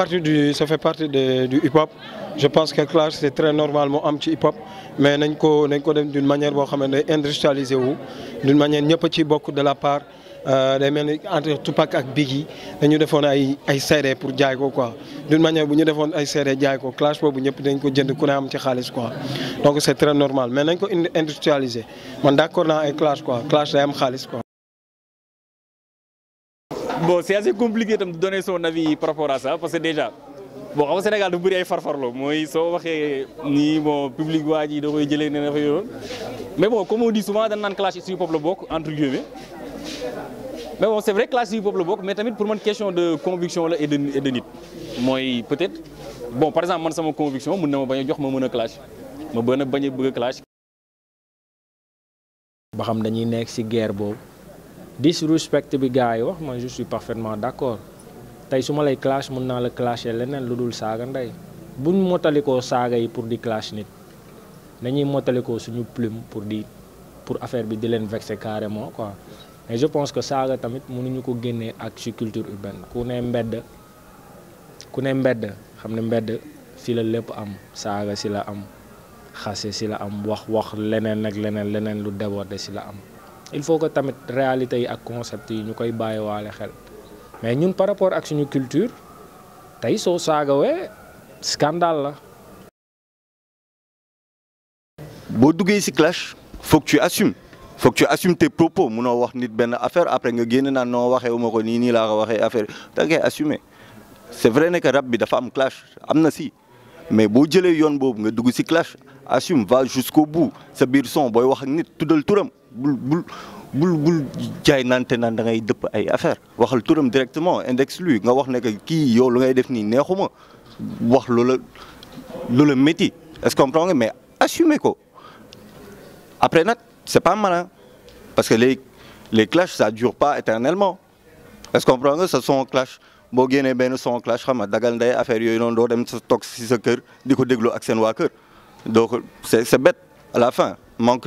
partie du ça fait partie de du hip hop je pense que clash c'est très normalement un petit hip hop mais nañ ko d'une manière on va dire, industrialisé d'une manière ñëpp a petit de la part euh, day entre Tupac et Biggie dañu defoon ay ay pour jaay ko quoi d'une manière bu ñu defoon ay CD jaay ko clash pour ñëpp dañ ko jënd ku am quoi donc c'est très normal mais nañ ko industrialisé man d'accord avec ay clash quoi clash c'est un xaalis quoi bon c'est assez compliqué de donner son avis par rapport à ça parce que déjà bon au Sénégal nous bëri ay farfarloo moi ils waxee ni bon public waa ji da koy jëlee ne na mais bon comme on dit souvent dans naan clash suñu peuple la entre guillemets mais bon c'est vrai clash du peuple la mais tamit pour moi une question de conviction et de et de nit moi peut-être bon par exemple c'est ma conviction mën na ma bañ a jox ma mën a clash ma bañ a bañ a bëgg a clash. ba xam dañuy nekk ci guerre disrespect bi gars wax man je suis parfaitement d'accord tay su lay clash mën na la clasher lenen lu saga nday ndey buñ motalikoo saga yi pour di clash nit nañuy motalikoo suñu plume pour di pour affaire bi di leen vexer carrément quoi mais je pense que saga tamit mënuñu ko génnee ak ci culture urbaine ku ne mbedd ku ne mbedd xamné mbedd fi la am saga si la am xasse si la am wax wax lenen ak lenen lenen lu déborder si la am il faut que tamit réalité yi ak concept yi ñukoy koy bàyyiwaale xel mais ñun par rapport ak suñu culture so saga saagawee scandale la. boo duggee ci clash faut que tu assumes faut que tu assumes tes propos mëno wax nit ben affaire après nga génn na no waxé wu ma ni nii nii laa affaire da ngay assumer c'est vrai ne que rap bi dafa am clash amna si mais bo jëlé yoon bobu nga dugg ci clash assume va jusqu'au bout sa biir son booy wax ak nit tudal turam bul bul bul bul jaay nante nan da ngay depp ay affaire waxal turam directement index lui nga wax ne ki yo lu ngay def ni neexuma wax lola lola metti est-ce que comprends mais assumer ko après nak c'est pas malin parce que les les clashs ça dure pas éternellement est-ce que comprends nga ce sont clash boo génnee benn son clash xam dagal nday affaire yoy non do dem sa sa kër diko ko ak sen wa kër donc c'est c'est bête à la fin manque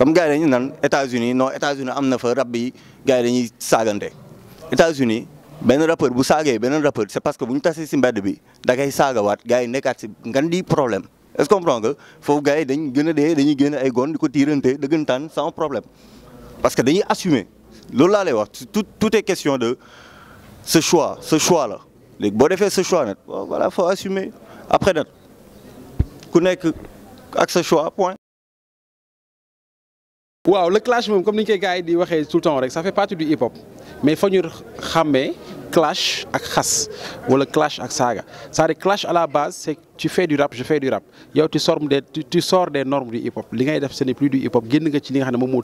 comme gars dañu nan États-Unis non États-Unis amna fa rab yi gars dañuy saagante États-Unis ben rappeur bu saagee benen rappeur c'est parce que buñu tassé ci si bi da ngay saagawaat gars yi nekkat ci ngan problème est-ce que comprends que faut gars yi dañ gën a dañuy génn ay gon di ko tiirante sans problème parce que dañuy assumer lolu la lay wax tout tout est question de ce choix ce choix là léegi boo defee ce choix nag voilà faut assumer après nag ku nekk ak ce choix point Wow, le clash comme ni le gars tout le temps rek ça fait partie du hip hop mais que nous clash ak ou le clash avec saga. cest Le clash à la base c'est tu fais du rap je fais du rap yow tu sors des tu sors des normes du hip hop li ngay def ce n'est plus du hip hop Tu nga ci li nga xam ne moom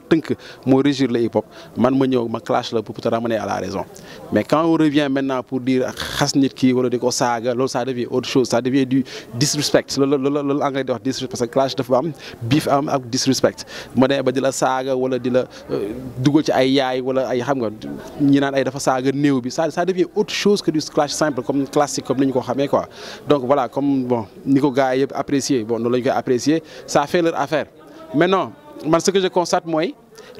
moo le hip hop man ma venu, ma clash la pour te ramener à la raison mais quand on revient maintenant pour dire xas nit ki wala saga, ça devient autre chose ça devient du disrespect L'anglais dit « anglais disrespect parce que clash dafa am beef am ak disrespect Je suis ba di saga » ou wala di la euh, duggal ci ay yaay wala ay xam nga ñi naan ay dafa saga ça devient autre chose que du clash simple comme classique comme nous le ko quoi donc voilà comme bon bon ni ko gars apprécier bon noonu la apprécié. Ça apprécier ça fait leur affaire maintenant man ce que je constate moi,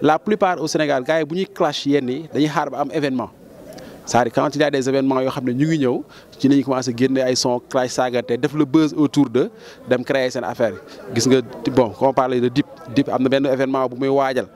la plupart au Sénégal gars yi bu ñuy clash yenn yi dañuy xaar ba am événement c'est-à-dire quand il y a des événements yoo xam ne ñu ngi ñëw ci la ñuy commencé génne ay son clash saagante def le buzz autour de dem créer seen affaire yi nga bon quand on parle de Dip Dip am na benn événement bu muy waajal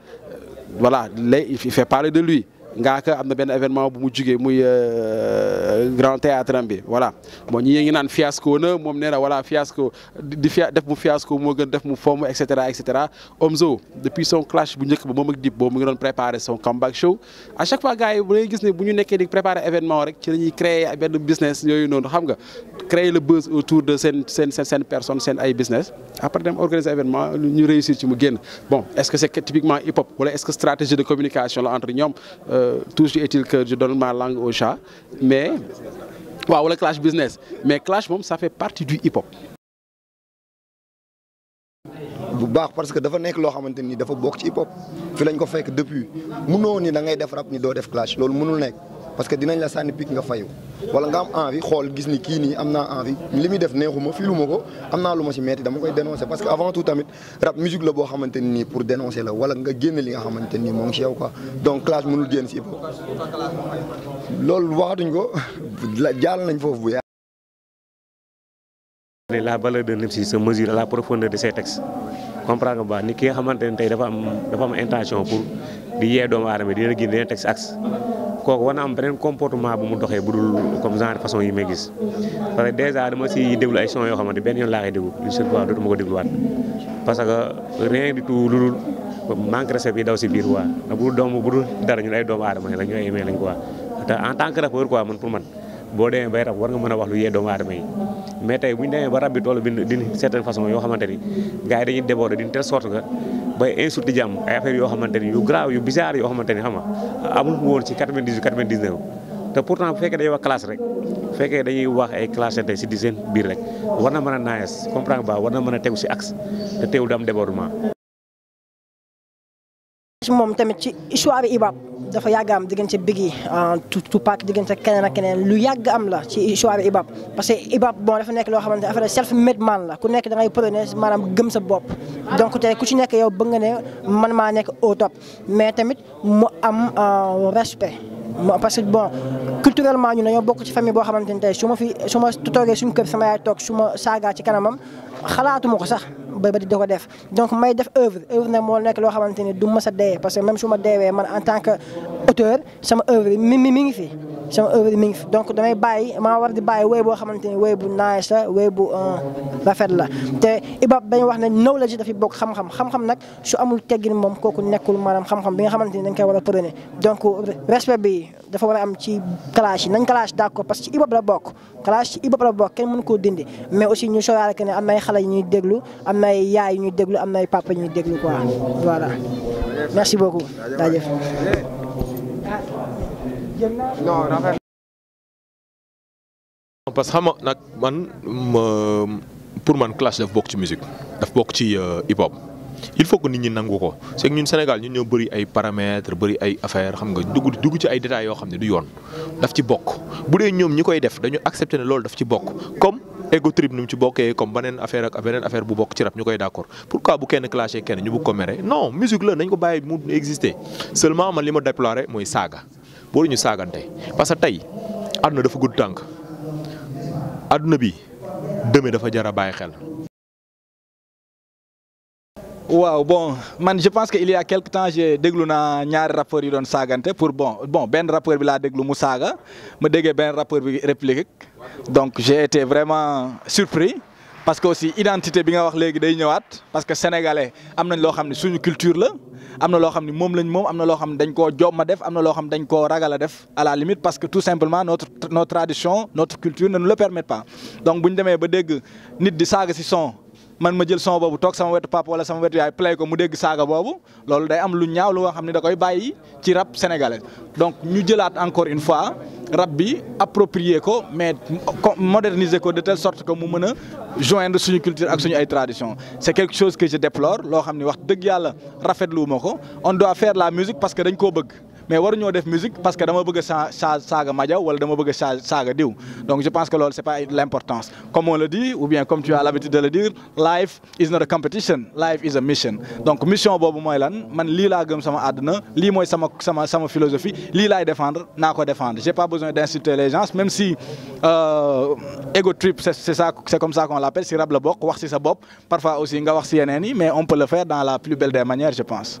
voilà il fait parler de lui Ngaaka am na événement bu mu jugee muy euh, grand théâtre ambi voilà bon ñi ngi naan fiasco na mom nee voilà fiasco di def mu fiasco mo gën def mu fomm et cetera et cetera Omzo depuis son clash bu ñëk ba mom ak Dip bo mu ngi don préparer son comeback show à chaque fois gars yi bu lay gis ne bu ñu nekkee di préparer événement rek ci la créer ben business yoyu non xam nga créer le buzz autour de sen sen, sen personne sen ay business après dem organiser événement ñu réussir ci mu génn bon est-ce que c'est typiquement hip hop wala est-ce que stratégie de communication la entre ñoom euh, euh, toujours est-il que je donne ma langue au chat mais waaw wala clash business mais clash moom ça fait partie du hip hop. bu parce que dafa nek lo xamanteni dafa bok ci hip hop fi lañ ko fekk depuis mënoo ni da ngay def rap ni do def clash lolou mënul nek parce que dinañ la sanni pic nga fayu wala nga am envie xol gis ni ki ni amna envie limi def neexuma fii lu ma ko am naa lu metti dama koy dénoncer parce que avant tout tamit rap musique la bo xamanteni ni pour dénoncer la wala nga génné li nga xamanteni mo ngi si yow quoi donc clash mënul génn ci hip-hop loolu waxatuñ ko jàll nañ fofu bu la valeur de nepsi se mesure la profondeur de ses textes comprends nga ba ni ki nga xamanteni tay dafa am dafa am intention pour di yé doom adamé di génn dina axe kooku war am beneen comportement bu mu doxee bu dul comme genre façon yi may gis parce que dèjà dama si déglu ay son yoo xamante benn yoon laa koy déglu une seule fois dootuma ko dégluwaat parce que rien du tout lu dul manque respect bi daw si biir quoi bu dul doom bu dul dara ñun ay doomu aadama lañ ñu ay aimé lañ quoi te en tant que rappeur quoi man pour man. boo demee bay rab war nga mën a wax lu yee doomu aadama yi mais tey bu ñu demee ba rab bi toll bi d'une certaine façon yoo xamante ni gars yi dañuy déborder d'une telle sorte que bay insulte jàmm ay affaires yoo xamante ni yu grave yu bizarre yoo xamante ni xam nga amul woon ci 98 99 te pourtant bu fekkee dañuy wax classe rek bu fekkee dañuy wax ay classe tey si di biir rek war na mën a naes comprendre ba war na mën a tegu si axe te teewul du am débordement moom tamit ci histoire Iba dafa yàgg am diggante Biggi Tupac diggante keneen ak keneen lu yàgg am la ci histoire Iba parce que Iba bon dafa nekk loo xamante ne affaire self made man la ku nekk da ngay prôné maanaam gëm sa bopp donc tey ku ci nekk yow bëgg nga ne man maa nekk au top mais tamit mu am respect parce que bon culturellement ñu dañoo bokk ci famille boo xamante ne tey fi su ma suñu kër sama yaay toog su ma ci kanamam xalaatuma ko sax ba di ko def donc may def œuvre œuvre nag moo nekk loo xamante ni du mës a dee parce que même su ma deewee man en tant que auteur sama œuvre mi mi mi ngi fi sama œuvre mi ngi fi donc damay bàyyi ma war di bàyyi woy boo xamante ni woy bu nice la woy bu euh, rafet la te ibab bañ wax nañ naw la ji dafi bokk xam-xam nag su amul teggin moom kooku nekkul maanaam xam-xam bi nga xamante ni dañ war a prôné donc respect bi dafa war a am ci classe yi nañ classe d'accord parce que ci ibab la bokk classe ci ibab la bokk kenn mënu koo dindi mais aussi ñu sóoraale que ne am nay xale yu ñuy déglu am nay yaay yu ñuy déglu am nay papa yu ñuy déglu quoi voilà merci beaucoup non non, parce que pour man clash de musique daf euh, hip hop il faut que nit ñi c'est que Sénégal nous avons des paramètres des affaires xam nga détails Nous avons du nous daf ci ñi koy comme ego trip nous ci comme affaire ak affaire bu rap d'accord pourquoi bu kenn clashé ñu non la musique ko pas mu seulement man li déplorer ñu saagante parce que tay aduna dafa gudd tank aduna bi deme dafa jara baye xel. waaw bon man je pense que il y a quelque temps j'ai déglu na ñaari rappeurs yu doon saagante pour bon bon ben rappeur bi la déglu mu saga, ma déggee ben rappeur bi réplique donc j'ai été vraiment surpris parce que aussi identité bi nga wax légui day ñëwaat parce que sénégalais am nañ loo suñu culture la. I'm not xamni mom lañ dañ def dañ def à la limite parce que tout simplement notre notre tradition notre culture ne nous le permet pas donc buñ démé ba dégg nit di son man ma jël son bobu tok sama wetu papa wala sama wetu yaay play ko mu dégg saga bobu lolou day am lu ñaaw lu nga xam ne da koy bàyyi ci rap sénégalais donc ñu jëlaat encore une fois rap bi approprier ko mais moderniser ko de telle sorte que mu mëna joindre suñu culture ak suñu ay tradition c'est quelque chose que je déplore lo xamni wax deug yalla rafetlu ma ko on doit faire la musique parce que dañ ko bëgg mais waruñoo def musique parce que dama bëgg parce qu'on Madia wala dama bëgg de la diw donc je pense que ce c'est pas l'importance comme on le dit ou bien comme tu as l'habitude de le dire life is not a competition life is a mission donc mission bobu moy lan man li la gëm sama àdduna li moy sama sama sama philosophie li lay défendre na ko défendre j'ai pas besoin d'inciter les gens même si euh, ego trip c'est ça c'est comme ça qu'on l'appelle si rab le bokk wax ci sa bop. parfois aussi nga wax ci yeneen mais on peut le faire dans la plus belle des manières je pense